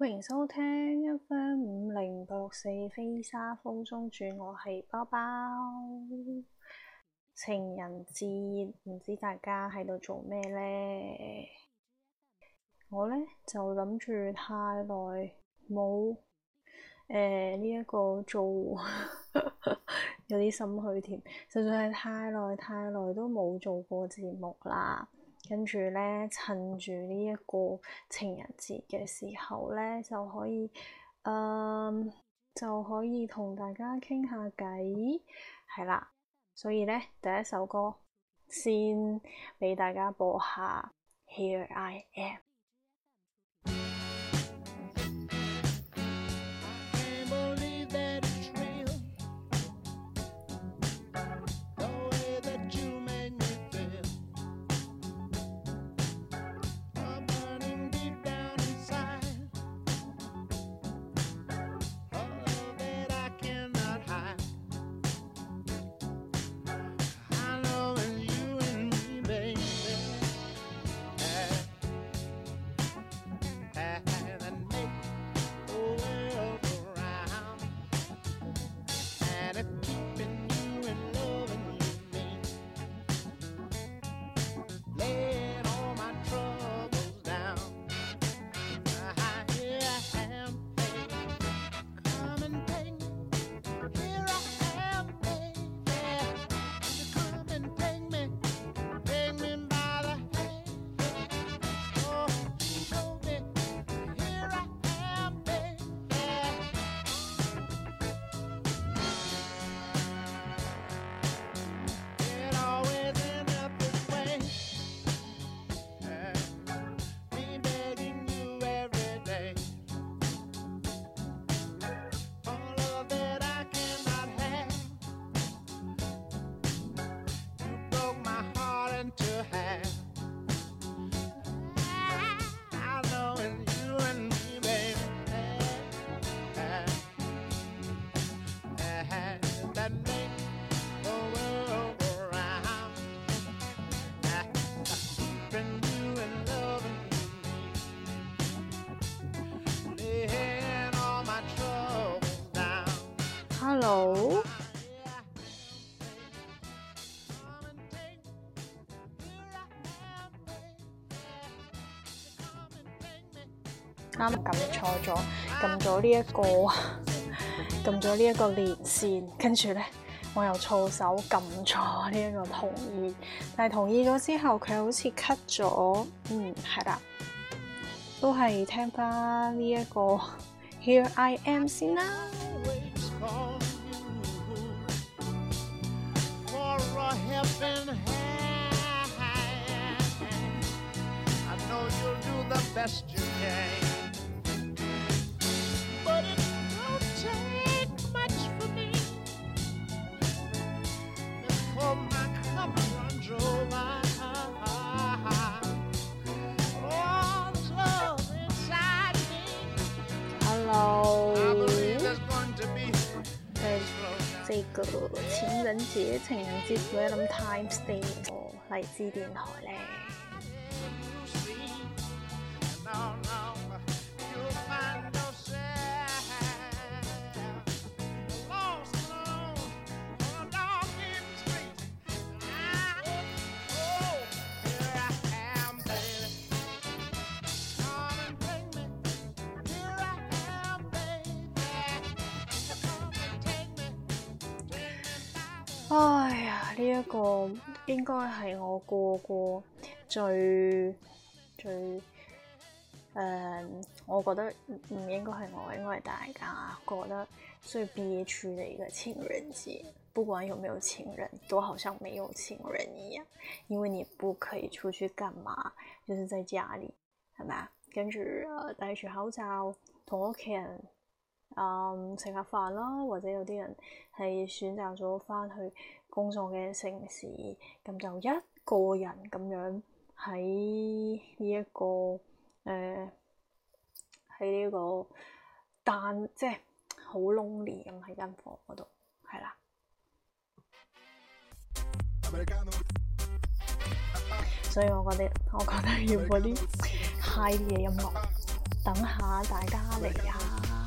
歡迎收聽一分五零六四飛沙風中轉，我係包包，情人節唔知大家喺度做咩咧？我咧就諗住太耐冇誒呢一個做 有啲心虛添，實在係太耐太耐都冇做過節目啦。跟住呢，趁住呢一個情人節嘅時候呢，就可以，呃，就可以同大家傾下偈，係啦。所以呢，第一首歌先俾大家播下，Here I Am。啱撳錯咗，撳咗呢一個，撳咗呢一個連線，跟住咧我又措手撳錯呢一個同意，但係同意咗之後佢好似 cut 咗，嗯，係啦，都係聽翻呢一個 Here I Am 先啦。情人節嗰陣 time，stay 哦，荔枝電台呢。呢一個應該係我過過最最誒、呃，我覺得唔應該係我，應該係大家過得最憋屈嘅一個情人節。不管有冇有情人，都好像沒有情人一樣，因為你不可以出去幹嘛，就是在家裡，係咪？跟住戴住口罩，同屋企人啊食、呃、下飯啦，或者有啲人係選擇咗翻去。工作嘅城市，咁就一個人咁樣喺呢一個，誒、呃，喺呢、呢個但即係好 lonely 咁喺間房嗰度，係啦。所以我覺得，我覺得要嗰啲 high 啲嘅音樂。等下大家嚟啊！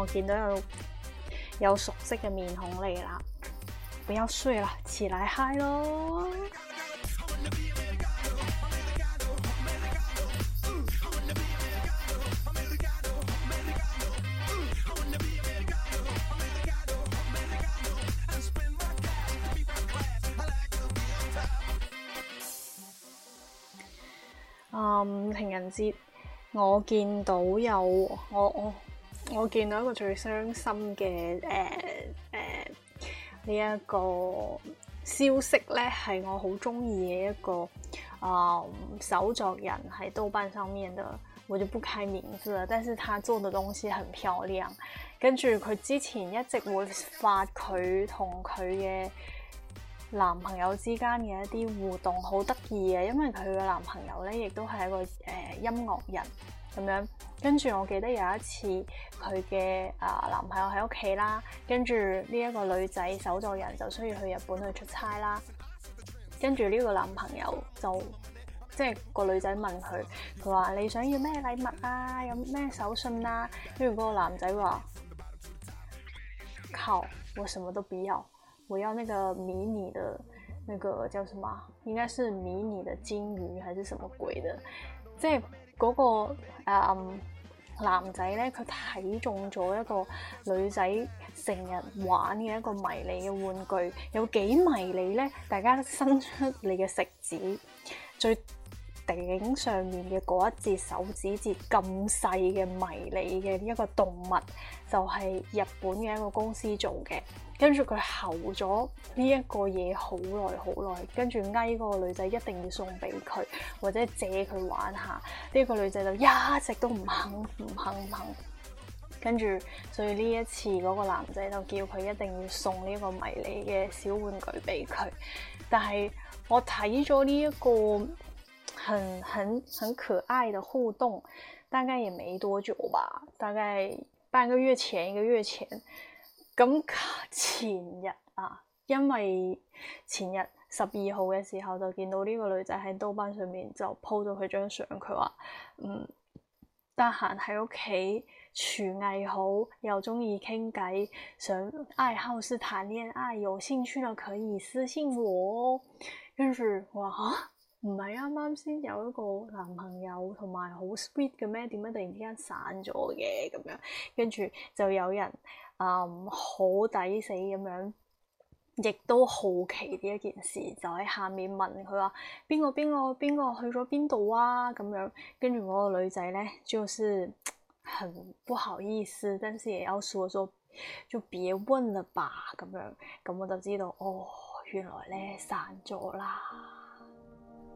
我見到有，有熟悉嘅面孔嚟啦！不要睡啦，起來嗨咯！嗯，情人節我見到有我見到一個最傷心嘅，誒誒呢一個消息咧，係我好中意嘅一個啊手作人喺豆瓣上面的，我就不開名字啦。但是他做的東西很漂亮，跟住佢之前一直會發佢同佢嘅男朋友之間嘅一啲互動，好得意嘅。因為佢嘅男朋友咧，亦都係一個誒、呃、音樂人。咁樣，跟住我記得有一次佢嘅啊男朋友喺屋企啦，跟住呢一個女仔手座人就需要去日本去出差啦，跟住呢個男朋友就即係個女仔問佢，佢話你想要咩禮物啊，有咩手信啊？跟住個男仔話，靠，我什麼都不要，我要那個迷你嘅，那個叫什麼？應該是迷你嘅金魚還是什麼鬼的？即係。嗰個、那個、呃、男仔咧，佢睇中咗一個女仔成日玩嘅一個迷你嘅玩具，有幾迷你咧？大家伸出你嘅食指，最。電影上面嘅嗰一節手指節咁細嘅迷你嘅一個動物，就係日本嘅一個公司做嘅。跟住佢喉咗呢一個嘢好耐好耐，跟住呓嗰個女仔一定要送俾佢，或者借佢玩下。呢個女仔就一直都唔肯唔肯唔肯。跟住，所以呢一次嗰個男仔就叫佢一定要送呢個迷你嘅小玩具俾佢。但係我睇咗呢一個。很很很可愛的互動，大概也沒多久吧，大概半個月前，一個月前，咁嗯前日啊，因為前日十二號嘅時候就見到呢個女仔喺豆瓣上面就 po 咗佢張相，佢話嗯得閒喺屋企廚藝好，又中意傾偈，想愛好思談戀愛，有興趣呢可以私信我哦，跟就住話我啊。唔係啱啱先有一個男朋友同埋好 sweet 嘅咩？點解突然之間散咗嘅咁樣？跟住就有人啊好抵死咁樣，亦都好奇呢一件事，就喺下面問佢話邊個邊個邊個去咗邊度啊？咁樣跟住個女仔咧，就是很不好意思，但是也要說說就別問啦吧咁樣。咁我就知道哦，原來咧散咗啦。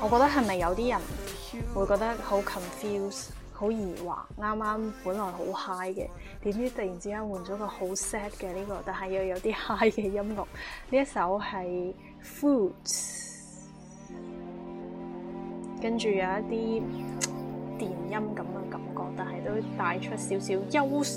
我覺得係咪有啲人會覺得好 confuse，好疑惑？啱啱本來好 high 嘅，點知突然之間換咗個好 sad 嘅呢、這個，但係又有啲 high 嘅音樂。呢一首係 f o o d s 跟住有一啲電音咁嘅感覺，但係都帶出少少憂傷。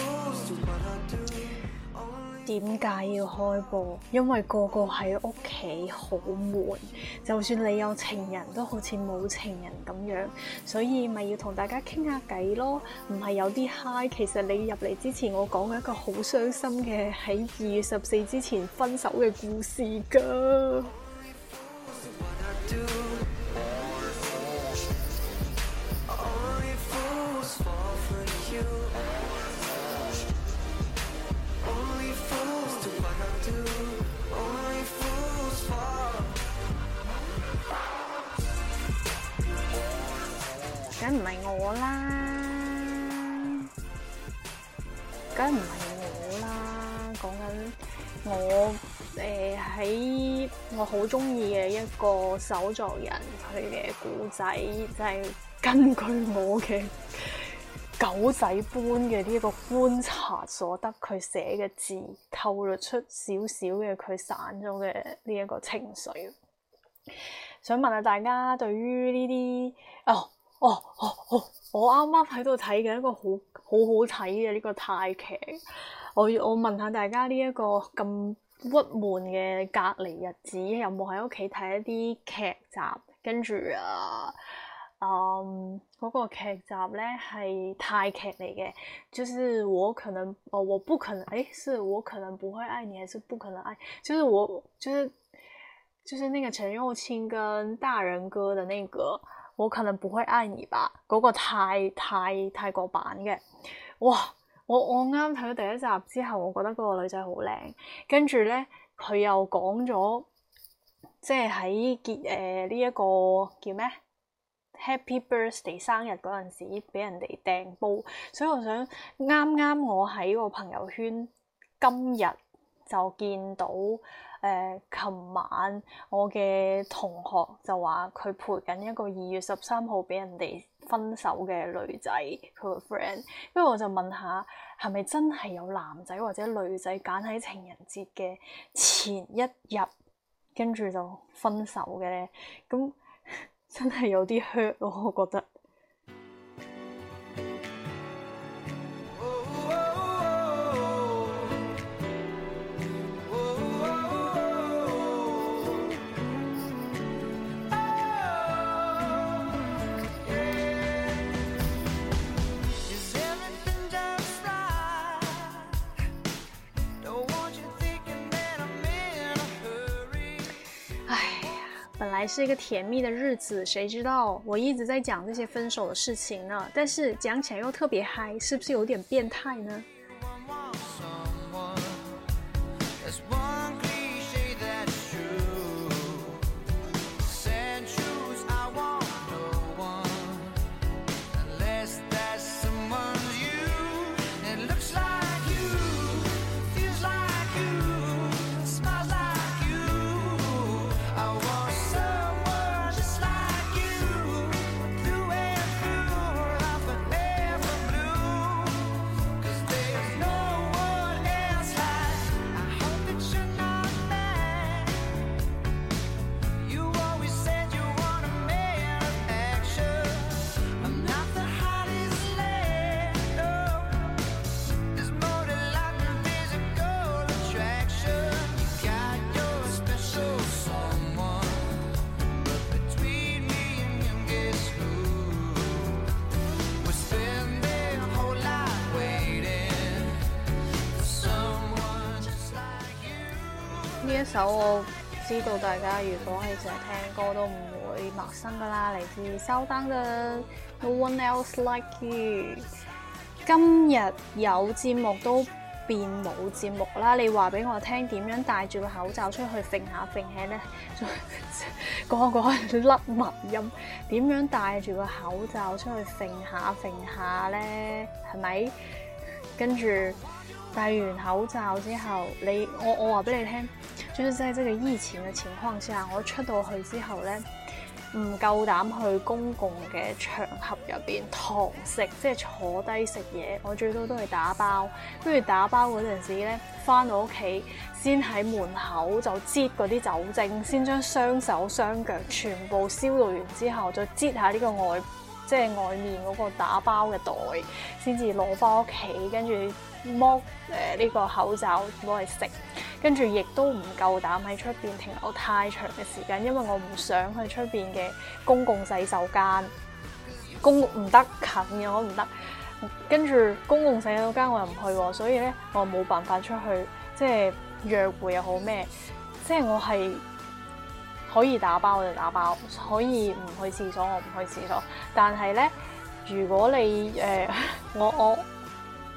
點解要開播？因為個個喺屋企好悶，就算你有情人，都好似冇情人咁樣，所以咪要同大家傾下偈咯。唔係有啲嗨，其實你入嚟之前，我講過一個好傷心嘅喺二月十四之前分手嘅故事㗎。唔係我啦，梗係唔係我啦。講、呃、緊我誒喺我好中意嘅一個手作人，佢嘅古仔就係、是、根據我嘅狗仔般嘅呢一個觀察所得寫，佢寫嘅字透露出少少嘅佢散咗嘅呢一個情緒。想問下大家，對於呢啲哦？哦哦哦！我啱啱喺度睇緊一個好好好睇嘅呢個泰劇。我我問下大家呢一個咁鬱悶嘅隔離日子，有冇喺屋企睇一啲劇集？跟住啊，嗯，嗰、那個劇集咧係泰劇嚟嘅。就是我可能，哦，我不可能，誒、欸，是我可能不會愛你，還是不可能愛？就是我，就是，就是那個陳又青跟大仁哥的那個。我可能唔會補開《艾尼吧》，嗰個太太泰國版嘅，哇！我我啱睇咗第一集之後，我覺得嗰個女仔好靚，跟住咧佢又講咗，即係喺結誒呢一個叫咩《Happy Birthday》生日嗰陣時俾人哋掟煲，所以我想啱啱我喺個朋友圈今日就見到。誒，呃，琴晚我嘅同學就話佢陪緊一個二月十三號俾人哋分手嘅女仔，佢個 friend。跟住我就問下，係咪真係有男仔或者女仔揀喺情人節嘅前一日，跟住就分手嘅咧？咁真係有啲 hurt 咯，我覺得。還是一個甜蜜的日子，誰知道我一直在講這些分手的事情呢？但是講起來又特別嗨，是不是有點變態呢？首我知道大家如果係成日聽歌都唔會陌生噶啦，嚟自肖丹嘅《No One Else Like You》。今日有節目都變冇節目啦，你話俾我聽點樣戴住個口罩出去揈下揈下咧？ 個個甩麥音，點樣戴住個口罩出去揈下揈下咧？係咪？跟住戴完口罩之後，你我我話俾你聽。即係即係以前嘅情況之下，我出到去之後咧，唔夠膽去公共嘅場合入邊堂食，即係坐低食嘢。我最多都係打包，跟住打包嗰陣時咧，翻到屋企先喺門口就擠嗰啲酒精，先將雙手雙腳全部消毒完之後，再擠下呢個外即係外面嗰個打包嘅袋，先至攞翻屋企，跟住剝誒呢個口罩攞嚟食。跟住亦都唔夠膽喺出邊停留太長嘅時間，因為我唔想去出邊嘅公共洗手間，公唔得近嘅我唔得。跟住公共洗手間我又唔去，所以咧我冇辦法出去，即係約會又好咩，即係我係可以打包我就打包，可以唔去廁所我唔去廁所，但係咧如果你誒我、呃、我。我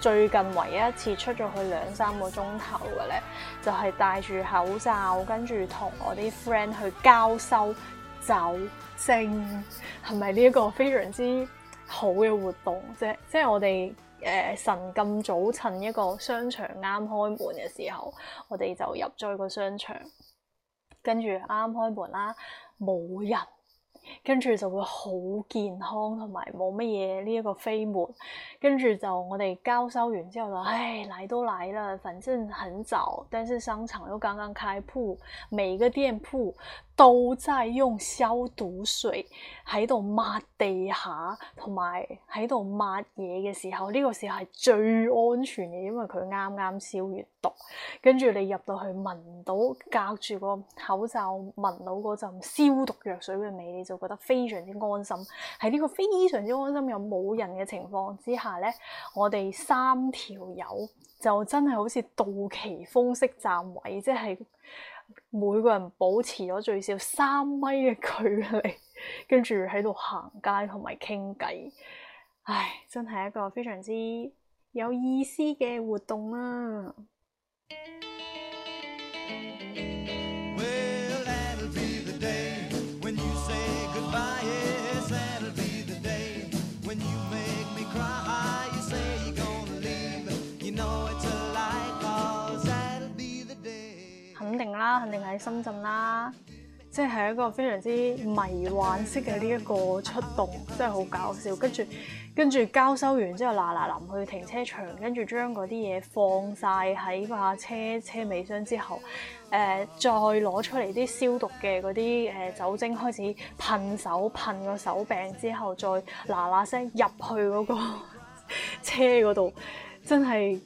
最近唯一一次出咗去兩三個鐘頭嘅咧，就係戴住口罩，跟住同我啲 friend 去交收酒精，係咪呢一個非常之好嘅活動啫？即係我哋誒、呃、神咁早趁一個商場啱開門嘅時候，我哋就入咗個商場，跟住啱開門啦，冇人。跟住就會好健康，同埋冇乜嘢呢一個飛沫。跟住就我哋交收完之後就，唉，嚟都嚟啦，反正很早，但是商場又剛剛開鋪，每一個店鋪。到真係用消毒水喺度抹地下，同埋喺度抹嘢嘅時候，呢個時候係最安全嘅，因為佢啱啱消完毒。跟住你入到去聞到隔住個口罩聞到嗰陣消毒藥水嘅味，你就覺得非常之安心。喺呢個非常之安心又冇人嘅情況之下呢，我哋三條友就真係好似到期封式站位，即係。每個人保持咗最少三米嘅距離，跟住喺度行街同埋傾偈，唉，真係一個非常之有意思嘅活動啦、啊。定喺深圳啦、啊，即係一個非常之迷幻式嘅呢一個出動，真係好搞笑。跟住，跟住交收完之後，嗱嗱臨去停車場，跟住將嗰啲嘢放晒喺架車車尾箱之後，誒、呃，再攞出嚟啲消毒嘅嗰啲誒酒精，開始噴手，噴個手柄之後，再嗱嗱聲入去嗰個車嗰度，真係。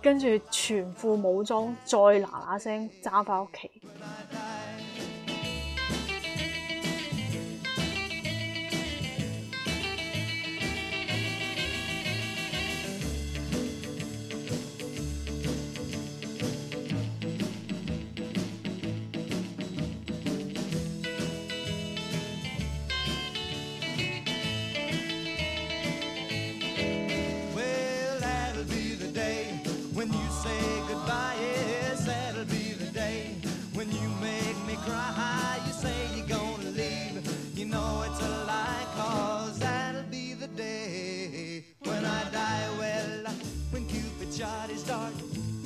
跟住全副武裝再拿拿拿，再嗱嗱聲揸翻屋企。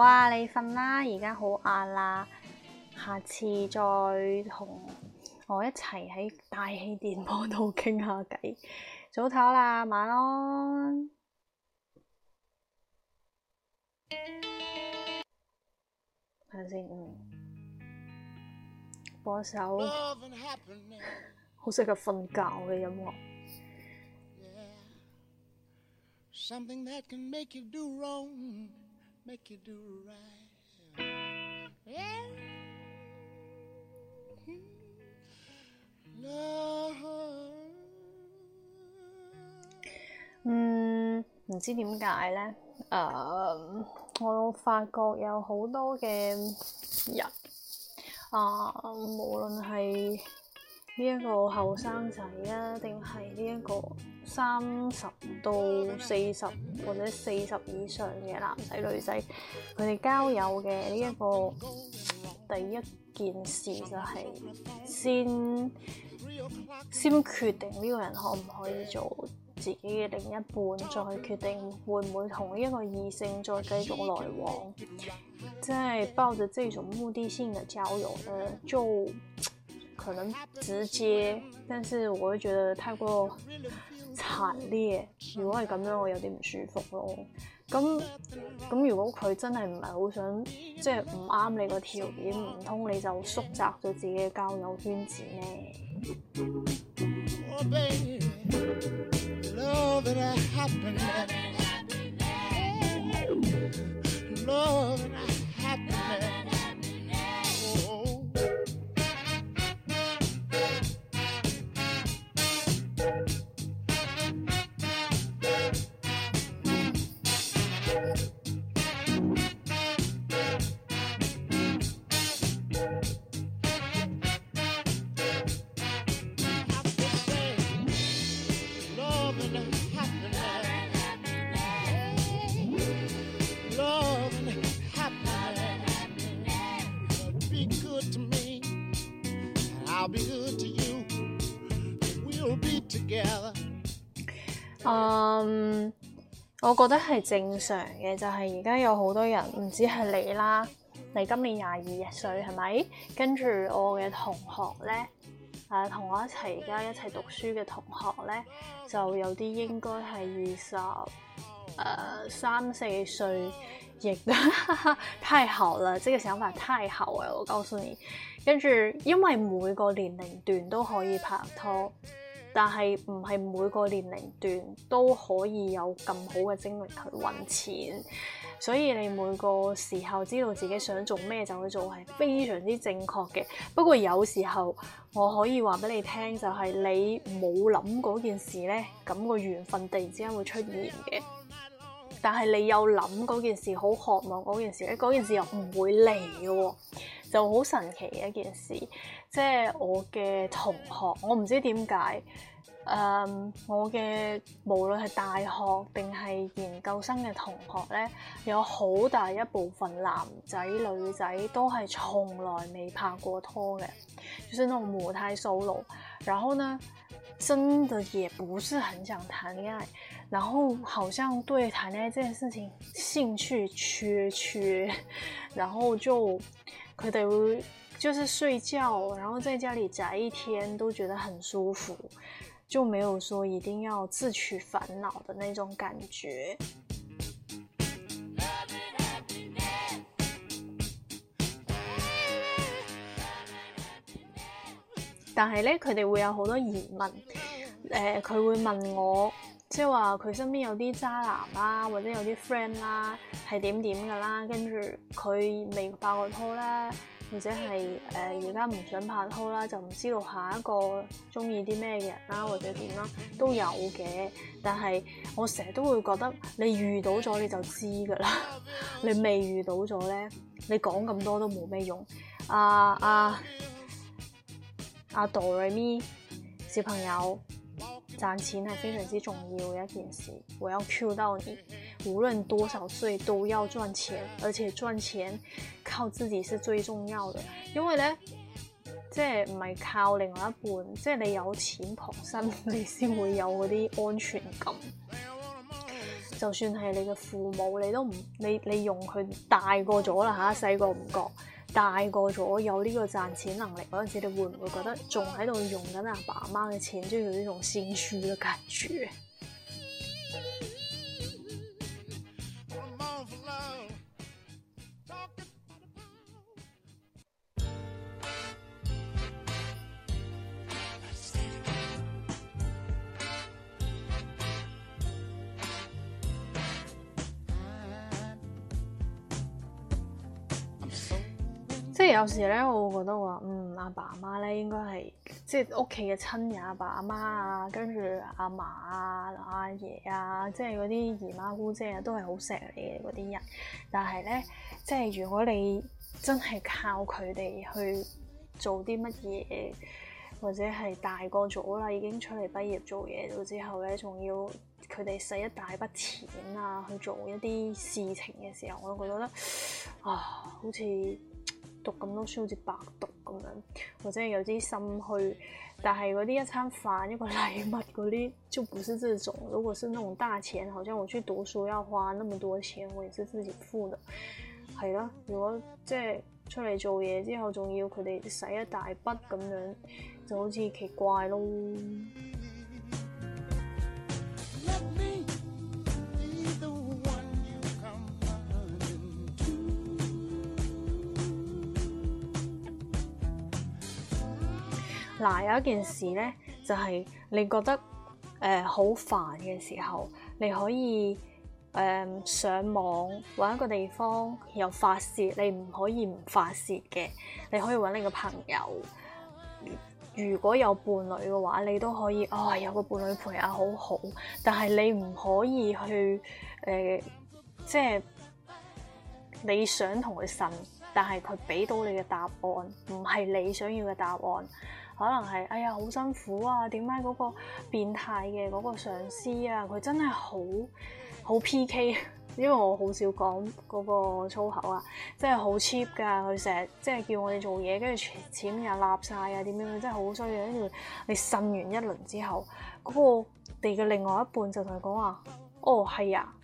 哇！你瞓啦，而家好晏啦，下次再同我一齊喺大氣電波度傾下偈。早唞啦，晚安。係咪嗯，播首好適合瞓覺嘅音樂。Yeah, something that can make you do wrong 嗯，唔知點解咧？誒、uh，我發覺有好多嘅人啊，yeah. uh, 無論係，呢一個後生仔啊，定係呢一個三十到四十或者四十以上嘅男仔女仔，佢哋交友嘅呢一個第一件事就係先先決定呢個人可唔可以做自己嘅另一半，再決定會唔會同呢一個異性再繼續來往。即係抱着這種目的性嘅交友咧，就。可能直接，但是我會覺得太過慘烈，如果係咁樣我有啲唔舒服咯。咁咁如果佢真係唔係好想，即係唔啱你個條件，唔通你就縮窄咗自己嘅交友圈子咩？ 我覺得係正常嘅，就係而家有好多人，唔止係你啦，你今年廿二歲係咪？跟住我嘅同學咧，誒、呃，同我一齊而家一齊讀書嘅同學咧，就有啲應該係二十誒三四歲，亦都 太好啦！即、呢個想法太好啊！我告訴你，跟住因為每個年齡段都可以拍拖。但係唔係每個年齡段都可以有咁好嘅精力去揾錢，所以你每個時候知道自己想做咩就去做係非常之正確嘅。不過有時候我可以話俾你聽，就係你冇諗嗰件事呢，咁個緣分突然之間會出現嘅。但係你有諗嗰件事，好渴望嗰件事，誒嗰件事又唔會嚟嘅，就好神奇一件事。即係我嘅同學，我唔知點解，誒、嗯，我嘅無論係大學定係研究生嘅同學咧，有好大一部分男仔女仔都係從來未拍過拖嘅，就係嗰種母胎 solo，然後呢，真的也不是很想談戀愛，然後好像對談戀愛呢件事情興趣缺缺，然後就佢哋，就是睡覺，然後在家裏宅一天都覺得很舒服，就沒有說一定要自取煩惱的那種感覺。 但係咧，佢哋會有好多疑問，誒、呃，佢會問我，即係話佢身邊有啲渣男啦、啊，或者有啲 friend、啊、啦，係點點噶啦，跟住佢未拍過拖啦。或者係誒而家唔想拍拖啦，就唔知道下一個中意啲咩人啦、啊，或者點啦，都有嘅。但係我成日都會覺得你遇到咗你就知㗎啦，你未遇到咗咧，你講咁多都冇咩用。阿阿阿哆瑞咪小朋友，賺錢係非常之重要嘅一件事，會有 cue 到你。無論多少歲都要賺錢，而且賺錢靠自己是最重要的。因為呢，即係唔係靠另外一半，即係你有錢傍身，你先會有嗰啲安全感。就算係你嘅父母，你都唔，你你用佢大個咗啦吓，細個唔覺，大個咗有呢個賺錢能力嗰陣時，你會唔會覺得仲喺度用緊阿爸阿媽嘅錢，就有呢種心虛嘅感覺？有時咧，我會覺得話，嗯，阿爸阿媽咧，應該係即係屋企嘅親人，阿爸阿媽啊，跟住阿嫲啊、阿爺啊，即係嗰啲姨媽姑姐啊，都係好錫你嘅嗰啲人。但係咧，即係如果你真係靠佢哋去做啲乜嘢，或者係大個咗啦，已經出嚟畢業做嘢咗之後咧，仲要佢哋使一大筆錢啊去做一啲事情嘅時候，我就覺得啊，好似～讀咁多書好似白讀咁樣，或者有啲心虛，但係嗰啲一餐飯、一個禮物嗰啲，就唔係呢種，如果是嗰種大錢，好像我去讀書要花那麼多錢，我也是自己付的，係啦。如果，如果即係出嚟做嘢，之後仲要佢哋使一大筆咁樣，就好似奇怪咯。嗱，有一件事咧，就係、是、你覺得誒好煩嘅時候，你可以誒、呃、上網揾一個地方又發泄，你唔可以唔發泄嘅，你可以揾你嘅朋友。如果有伴侶嘅話，你都可以哦，有個伴侶陪啊，好好。但係你唔可以去誒、呃，即係你想同佢呻。但係佢俾到你嘅答案唔係你想要嘅答案，可能係哎呀好辛苦啊，點解嗰個變態嘅嗰個上司啊，佢真係好好 PK，因為我好少講嗰個粗口啊，真係好 cheap 噶，佢成日即係叫我哋做嘢，跟住錢又納晒啊，點樣樣真係好衰啊，跟住你呻完一輪之後，嗰個地嘅另外一半就同佢講話，哦係啊，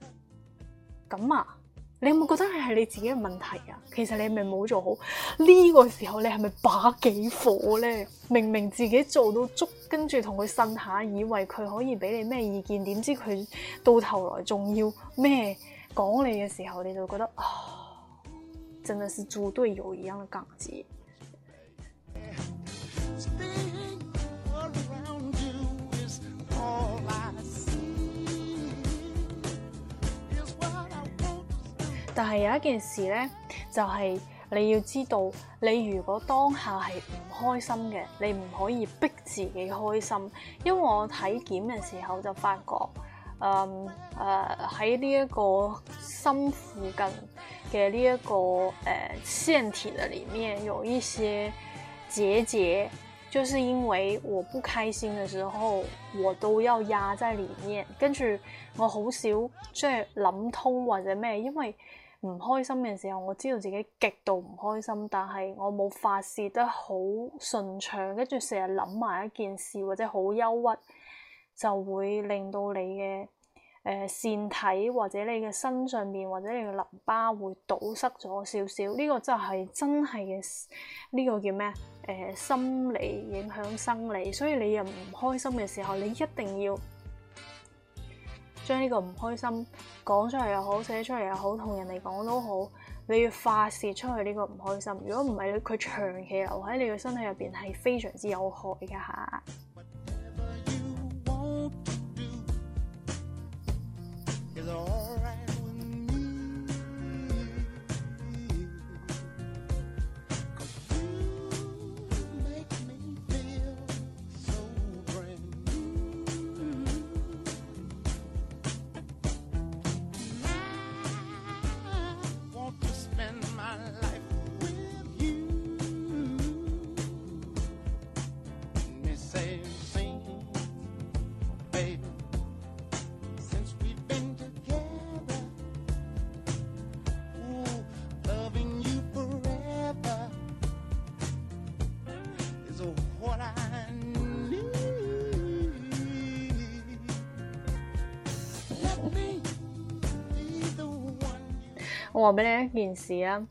咁啊。你有冇覺得係你自己嘅問題啊？其實你係咪冇做好呢？呢個時候，你係咪把幾火呢？明明自己做到足，跟住同佢呻下，以為佢可以俾你咩意見，點知佢到頭來仲要咩講你嘅時候，你就覺得啊，真的是豬隊友一樣嘅格子。」但係有一件事咧，就係你要知道，你如果當下係唔開心嘅，你唔可以逼自己開心。因為我體檢嘅時候就發覺，誒誒喺呢一個心附近嘅呢一個誒腺體嘅裡面，有一些結節，就是因為我不開心嘅時候，我都要壓在裡面，跟住我好少即係諗通或者咩，因為。唔開心嘅時候，我知道自己極度唔開心，但係我冇發泄得好順暢，跟住成日諗埋一件事或者好憂鬱，就會令到你嘅誒、呃、腺體或者你嘅身上邊或者你嘅淋巴會堵塞咗少少。呢、這個就係真係嘅，呢、這個叫咩啊、呃？心理影響生理，所以你又唔開心嘅時候，你一定要，將呢個唔開心講出嚟，又好、寫出嚟，又好，同人哋講都好，你要發洩出去呢個唔開心。如果唔係，佢長期留喺你嘅身體入邊，係非常之有害㗎吓。話俾你一件事啦，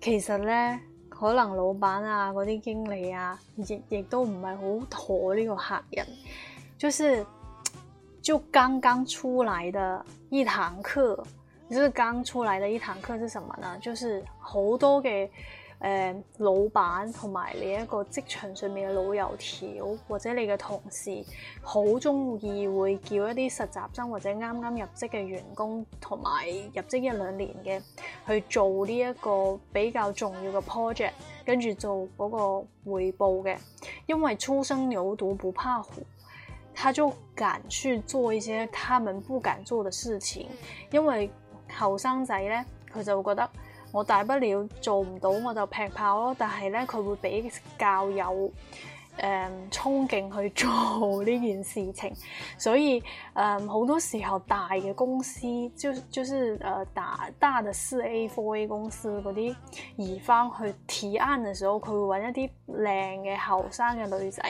其實咧，可能老闆啊，嗰啲經理啊，亦亦都唔係好妥呢個客人，就是就剛剛出來嘅一堂課，就是剛出來嘅一堂課是什麼呢？就是好多嘅。誒、呃、老闆同埋你一個職場上面嘅老油條，或者你嘅同事好中意會叫一啲實習生或者啱啱入職嘅員工同埋入職一兩年嘅去做呢一個比較重要嘅 project，跟住做嗰個匯報嘅，因為初生牛犢不怕虎，他就敢去做一些他們不敢做嘅事情，因為後生仔咧佢就會覺得。我大不了做唔到我就劈炮咯，但係咧佢會俾教友。誒憧憬去做呢件事情，所以誒好、嗯、多時候大嘅公司，即係就是誒、就是呃、大大的四 A、四 A 公司嗰啲移翻去提案嘅時候，佢會揾一啲靚嘅後生嘅女仔，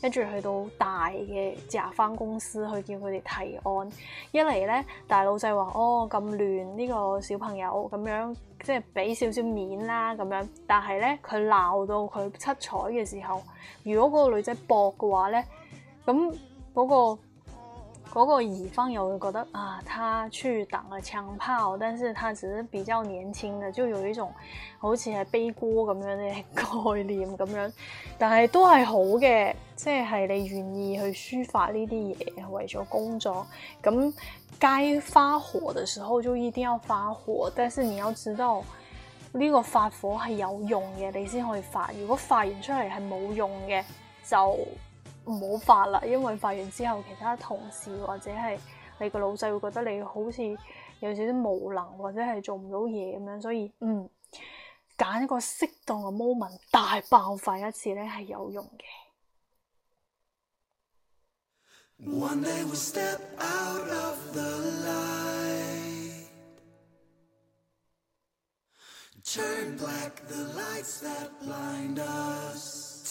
跟住去到大嘅夾翻公司去叫佢哋提案。一嚟咧，大老細話哦咁亂呢個小朋友咁樣，即係俾少少面啦咁樣，但係咧，佢鬧到佢七彩嘅時候，如果女那那個女仔駁嘅話咧，咁、那、嗰個個疑犯又會覺得啊，他去打個槍炮，但是他只是比較年輕嘅，就有一種好似係悲歌咁樣嘅概念咁樣。但係都係好嘅，即係你願意去抒發呢啲嘢，為咗工作，咁該發火嘅時候就一定要發火。但是你要知道，呢、這個發火係有用嘅，你先可以發。如果發完出嚟係冇用嘅。就唔好發啦，因為發完之後，其他同事或者係你個老細會覺得你好似有少少無能，或者係做唔到嘢咁樣，所以嗯，揀一個適當嘅 moment 大爆發一次咧係有用嘅。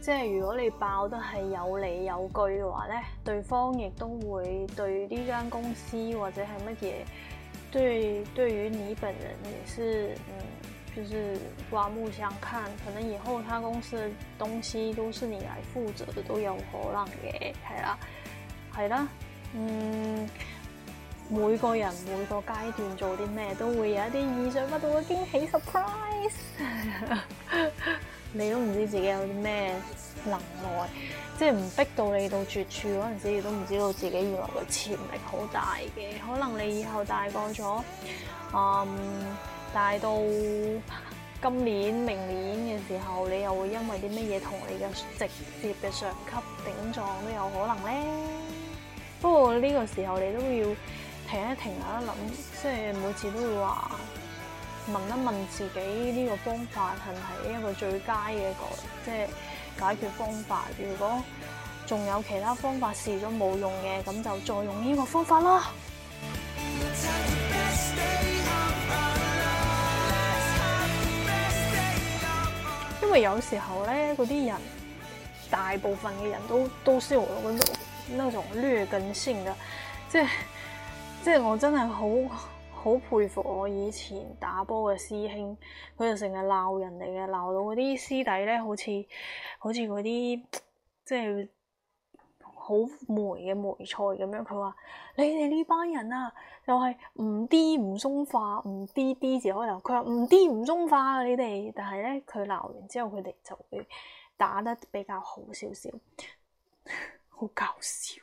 即係如果你爆得係有理有據嘅話咧，對方亦都會對呢間公司或者係乜嘢，對對於你本人也是，嗯，就是刮目相看。可能以後他公司嘅東西都是你來負責都有可能嘅，係啦，係啦，嗯，每個人每個階段做啲咩都會有一啲意想不到嘅驚喜 surprise。 你都唔知自己有啲咩能耐，即係唔逼到你到絕處嗰陣時，亦都唔知道自己原來個潛力好大嘅。可能你以後大個咗，嗯，大到今年、明年嘅時候，你又會因為啲乜嘢同你嘅直接嘅上級頂撞都有可能咧。不過呢個時候你都要停一停一諗，即係每次都會話。問一問自己呢個方法係唔係一個最佳嘅一個即係解決方法？如果仲有其他方法試咗冇用嘅，咁就再用呢個方法咯。 因為有時候咧，嗰啲人大部分嘅人都都識我，我覺得呢種劣根性嘅，即係即係我真係好。好佩服我以前打波嘅師兄，佢就成日鬧人哋嘅，鬧到啲師弟咧，好似好似嗰啲即係好霉嘅霉菜咁樣，佢話你哋呢班人啊，就係唔啲唔鬆化，唔啲啲字可能佢話唔啲唔鬆化你哋，但係咧佢鬧完之後佢哋就會打得比較好少少，好 搞笑。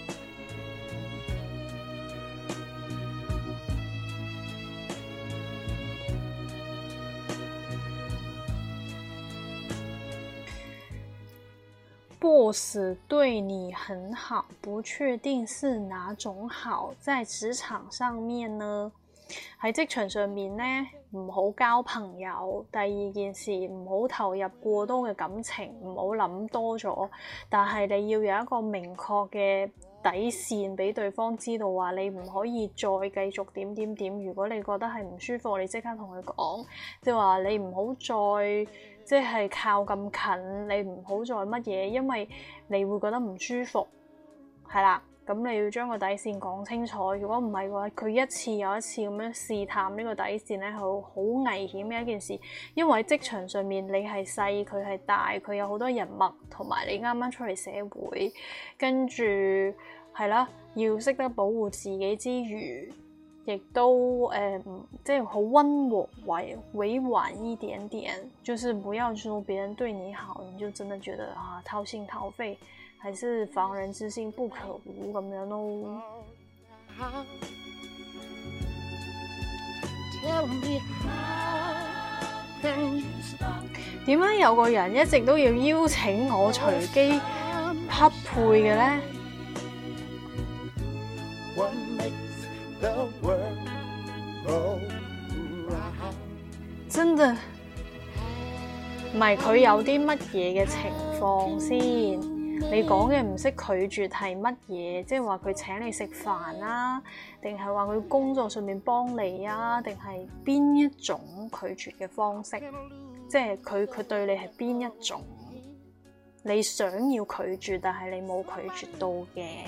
boss 對你很好，不確定是哪種好，即係在職場上面呢，喺職場上面呢，唔好交朋友。第二件事，唔好投入過多嘅感情，唔好諗多咗。但係你要有一個明確嘅底線俾對方知道，話你唔可以再繼續點點點。如果你覺得係唔舒服，你即刻同佢講，即係話你唔好再。即係靠咁近，你唔好再乜嘢，因為你會覺得唔舒服，係啦。咁你要將個底線講清楚。如果唔係嘅話，佢一次又一次咁樣試探呢個底線咧，好好危險嘅一件事。因為喺職場上面，你係細，佢係大，佢有好多人脈，同埋你啱啱出嚟社會，跟住係啦，要識得保護自己之餘。亦都誒，即係好温和委委婉一點點，就是不要說別人對你好，你就真的覺得啊掏心掏肺，還是防人之心不可無咁樣咯。點解有個人一直都要邀請我隨機匹配嘅咧？真的，唔係佢有啲乜嘢嘅情況先？你講嘅唔識拒絕係乜嘢？即係話佢請你食飯啊？定係話佢工作上面幫你啊？定係邊一種拒絕嘅方式？即係佢佢對你係邊一種？你想要拒絕，但係你冇拒絕到嘅。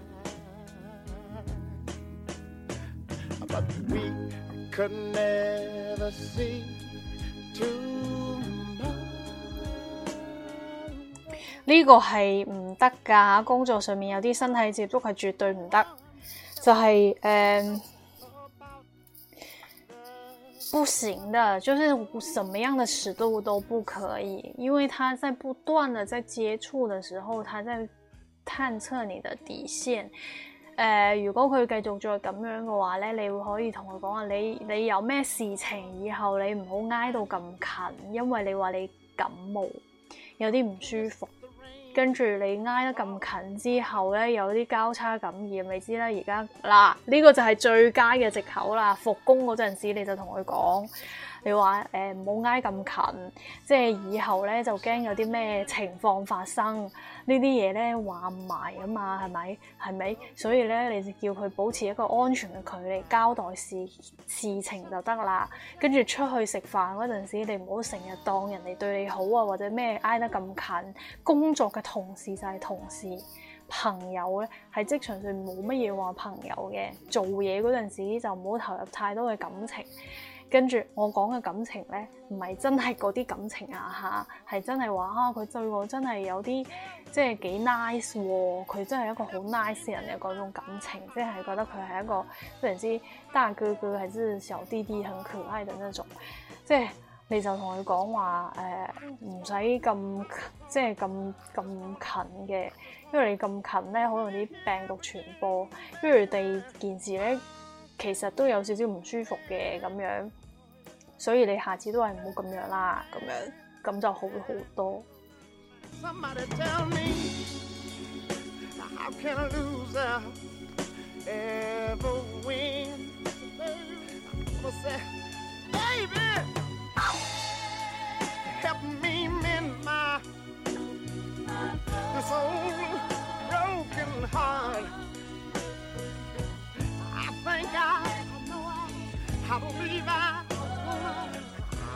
呢個係唔得㗎，工作上面有啲身體接觸係絕對唔得，就係、是、誒、呃，不行的，就是什麼樣的尺度都不可以，因為他在不斷地在接觸的時候，他在探測你的底線。誒、呃，如果佢繼續再咁樣嘅話咧，你會可以同佢講話，你你有咩事情，以後你唔好挨到咁近，因為你話你感冒有啲唔舒服，跟住你挨得咁近之後咧，有啲交叉感染、啊這個，你知啦。而家嗱呢個就係最佳嘅借口啦。復工嗰陣時，你就同佢講，你話誒唔好挨咁近，即係以後咧就驚有啲咩情況發生。呢啲嘢咧話唔埋啊嘛，係咪？係咪？所以咧，你就叫佢保持一個安全嘅距離，交代事事情就得啦。跟住出去食飯嗰陣時，你唔好成日當人哋對你好啊，或者咩挨得咁近。工作嘅同事就係同事，朋友咧，喺職場上冇乜嘢話朋友嘅，做嘢嗰陣時就唔好投入太多嘅感情。跟住我講嘅感情咧，唔係真係嗰啲感情啊嚇，係真係話啊佢對我真係有啲即係幾 nice 佢、啊、真係一個好 nice 人嘅嗰種感情，即係覺得佢係一個非常之大哥哥，係之小啲啲，很可愛的那種。即係你就同佢講話誒，唔使咁即係咁咁近嘅，因為你咁近咧，好容易病毒傳播。跟住第二件事咧，其實都有少少唔舒服嘅咁樣。所以你下次都係唔好咁樣啦，咁樣，咁就好好多。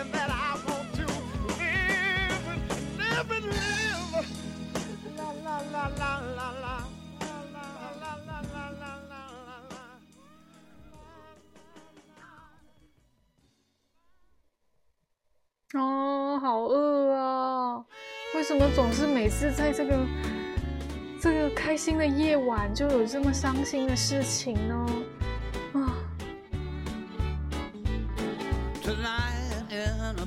哦，好餓啊！為什麼總是每次在這個這個開心的夜晚，就有這麼傷心的事情呢？啊！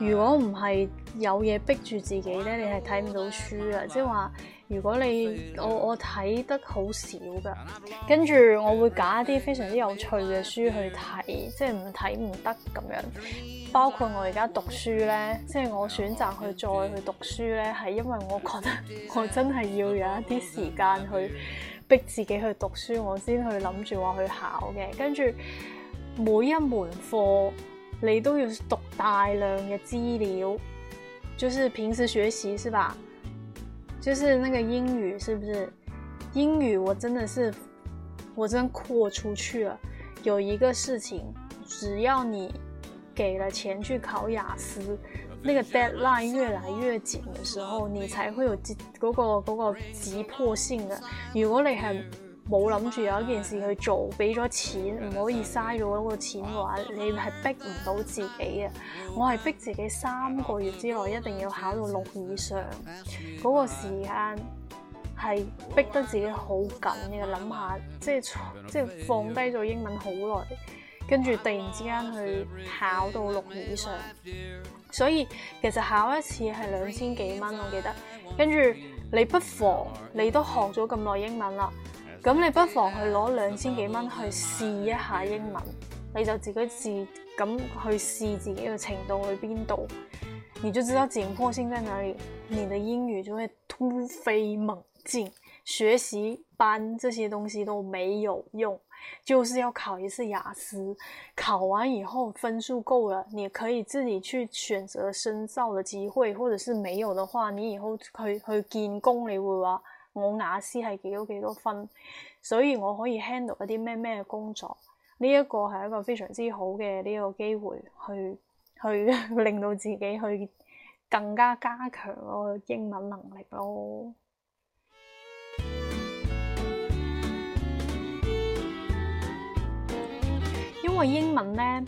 如果唔係有嘢逼住自己咧，你係睇唔到書啊！即係話，如果你我我睇得好少㗎，跟住我會揀一啲非常之有趣嘅書去睇，即係唔睇唔得咁樣。包括我而家讀書咧，即係我選擇去再去讀書咧，係因為我覺得我真係要有一啲時間去逼自己去讀書，我先去諗住話去考嘅。跟住每一門課。你都有讀大量嘅資料，就是平時學習，是吧？就是那個英語，是不是？英語我真的是，我真擴出去了。有一個事情，只要你給了錢去考雅思，那個 deadline 越來越緊的時候，你才會有嗰個嗰個急迫性嘅。如果你係，冇諗住有一件事去做，俾咗錢唔可以嘥咗嗰個錢嘅話，你係逼唔到自己嘅。我係逼自己三個月之內一定要考到六以上，嗰個時間係逼得自己好緊嘅。諗下即係即係放低咗英文好耐，跟住突然之間去考到六以上，所以其實考一次係兩千幾蚊，我記得。跟住你不妨你都學咗咁耐英文啦。咁你不妨去攞兩千幾蚊去試一下英文，你就自己自咁去試自己嘅程度去邊度，你就知道緊迫性在哪裏，你的英語就會突飛猛進。學習班這些東西都沒有用，就是要考一次雅思，考完以後分數夠了，你可以自己去選擇深造嘅機會，或者是沒有的話，你以後可去見工，你會話，我雅思係幾多幾多分，所以我可以 handle 一啲咩咩工作。呢一個係一個非常之好嘅呢個機會，去去令到自己去更加加強我英文能力咯。因為英文呢，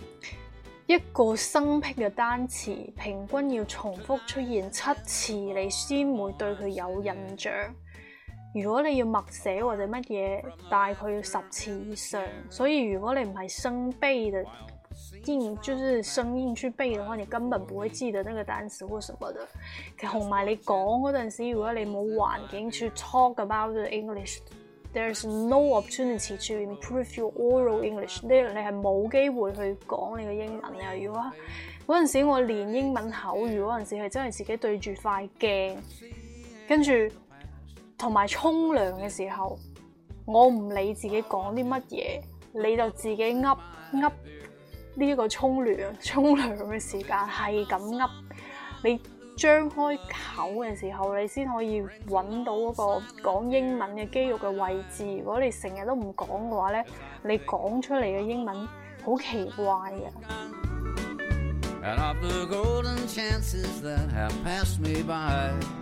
一個生僻嘅單詞，平均要重複出現七次，你先會對佢有印象。如果你要默寫或者乜嘢，大概要十次以上。所以如果你唔係生背的，硬就是生硬去背的話，你根本不會記得那個單詞或什麼的。同埋你講嗰陣時，如果你冇環境去 talk about the English，there's no opportunity to improve your oral English 你。你係冇機會去講你嘅英文啊！如果嗰陣時我練英文口語嗰陣時，係真係自己對住塊鏡，跟住。同埋沖涼嘅時候，我唔理自己講啲乜嘢，你就自己噏噏呢個沖涼沖涼嘅時間係咁噏。你張開口嘅時候，你先可以揾到嗰個講英文嘅肌肉嘅位置。如果你成日都唔講嘅話咧，你講出嚟嘅英文好奇怪嘅。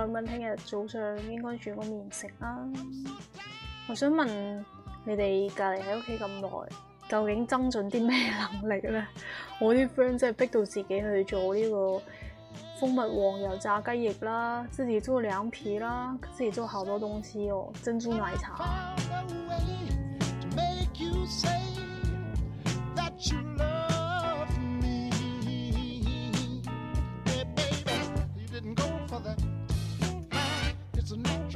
我想問聽日早上應該煮個麵食啦。我想問你哋隔離喺屋企咁耐，究竟增進啲咩能力咧？我啲 friend 真係逼到自己去做呢個蜂蜜黃油炸雞翼啦，自己做涼皮啦，自己做好多東西哦、啊，珍珠奶茶。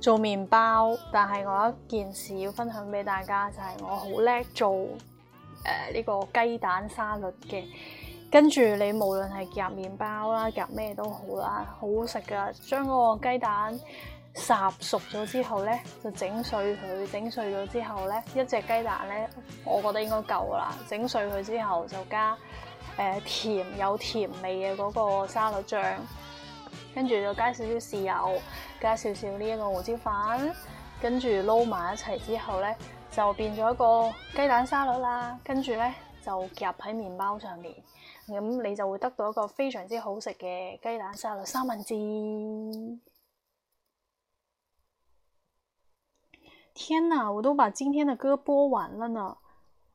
做麵包，但係我有一件事要分享俾大家，就係我好叻做誒呢個雞蛋沙律嘅。跟住你無論係夾麵包啦，夾咩都好啦，好好食噶。將嗰個雞蛋烚熟咗之後咧，就整碎佢，整碎咗之後咧，一隻雞蛋咧，我覺得應該夠噶啦。整碎佢之後就加。誒、呃，甜有甜味嘅嗰個沙律醬，跟住就加少少豉油，加少少呢一個胡椒粉，跟住撈埋一齊之後咧，就變咗一個雞蛋沙律啦。跟住咧就夾喺麵包上面，咁你就會得到一個非常之好食嘅雞蛋沙律三文治。天哪、啊，我都把今天嘅歌播完了呢，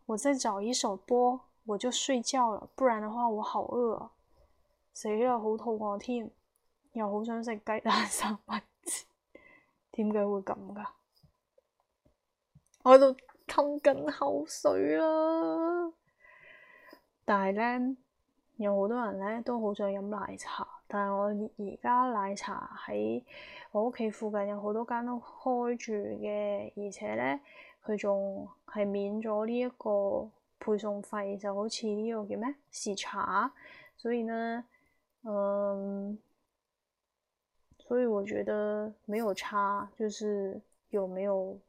我再找一首歌。我就睡覺啦，不然的話我好餓。死咗又好肚餓添，又好想食雞蛋三文治，點解會咁噶？我喺度吞緊口水啦、啊。但係咧，有好多人咧都好想飲奶茶，但係我而家奶茶喺我屋企附近有好多間都開住嘅，而且咧佢仲係免咗呢一個。配送費就好似呢個叫咩？喜茶，所以呢，嗯，所以我覺得沒有差，就是有沒有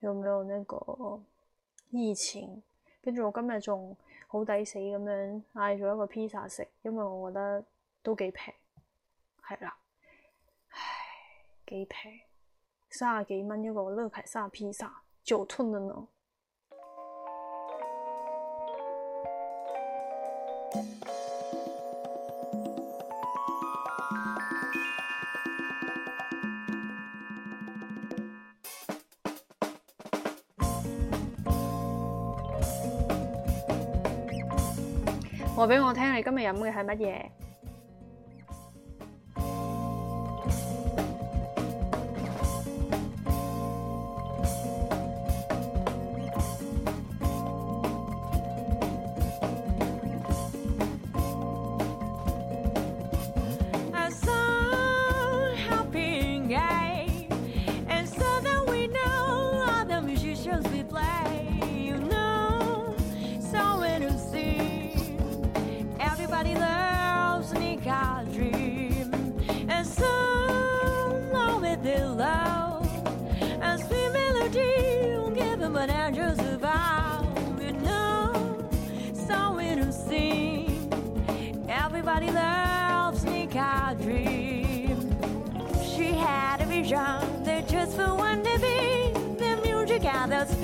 有沒有那個疫情，跟住我今日仲好抵死咁樣嗌咗一個披薩食，因為我覺得都幾平，係啦，唉，幾平，三十幾蚊一個樂凱撒披薩，就吞咗呢。話畀我聽，你今日飲嘅係乜嘢？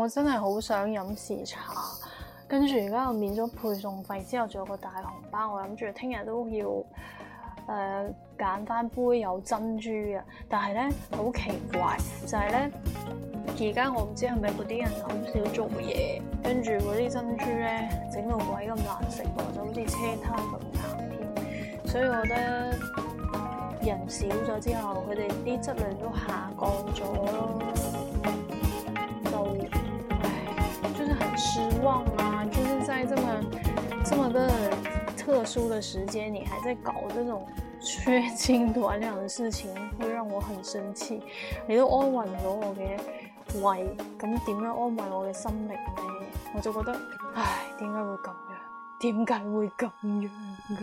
我真係好想飲時茶，跟住而家又免咗配送費，之後仲有個大紅包，我諗住聽日都要誒揀翻杯有珍珠嘅。但係咧好奇怪，就係咧而家我唔知係咪嗰啲人好少做嘢，跟住嗰啲珍珠咧整到鬼咁難食，就好似車攤咁淡添。所以我覺得人少咗之後，佢哋啲質量都下降咗咯。失望啊！就是在這麼這麼個特殊的時間，你還在搞這種缺斤短兩的事情，會讓我很生氣。你都安穩咗我嘅胃，咁點樣安慰我嘅心靈呢？我就覺得，唉，點解會咁樣？點解會咁樣噶？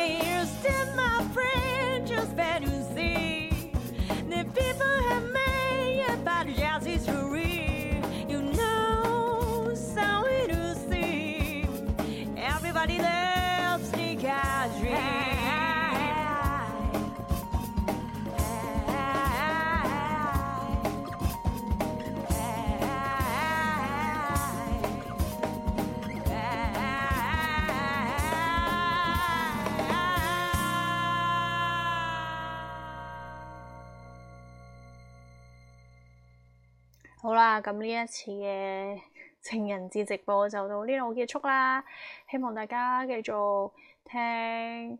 好啦，咁呢一次嘅情人節直播就到呢度結束啦。希望大家繼續聽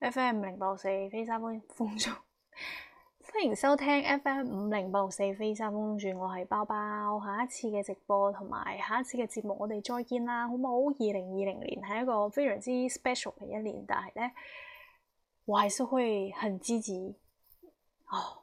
FM 五零八六四飛沙風中，歡迎收聽 FM 五零八六四飛沙風中，我係包包。下一次嘅直播同埋下一次嘅節目，我哋再見啦，好唔好？二零二零年係一個非常之 special 嘅一年，但係咧，我還是會很支持哦。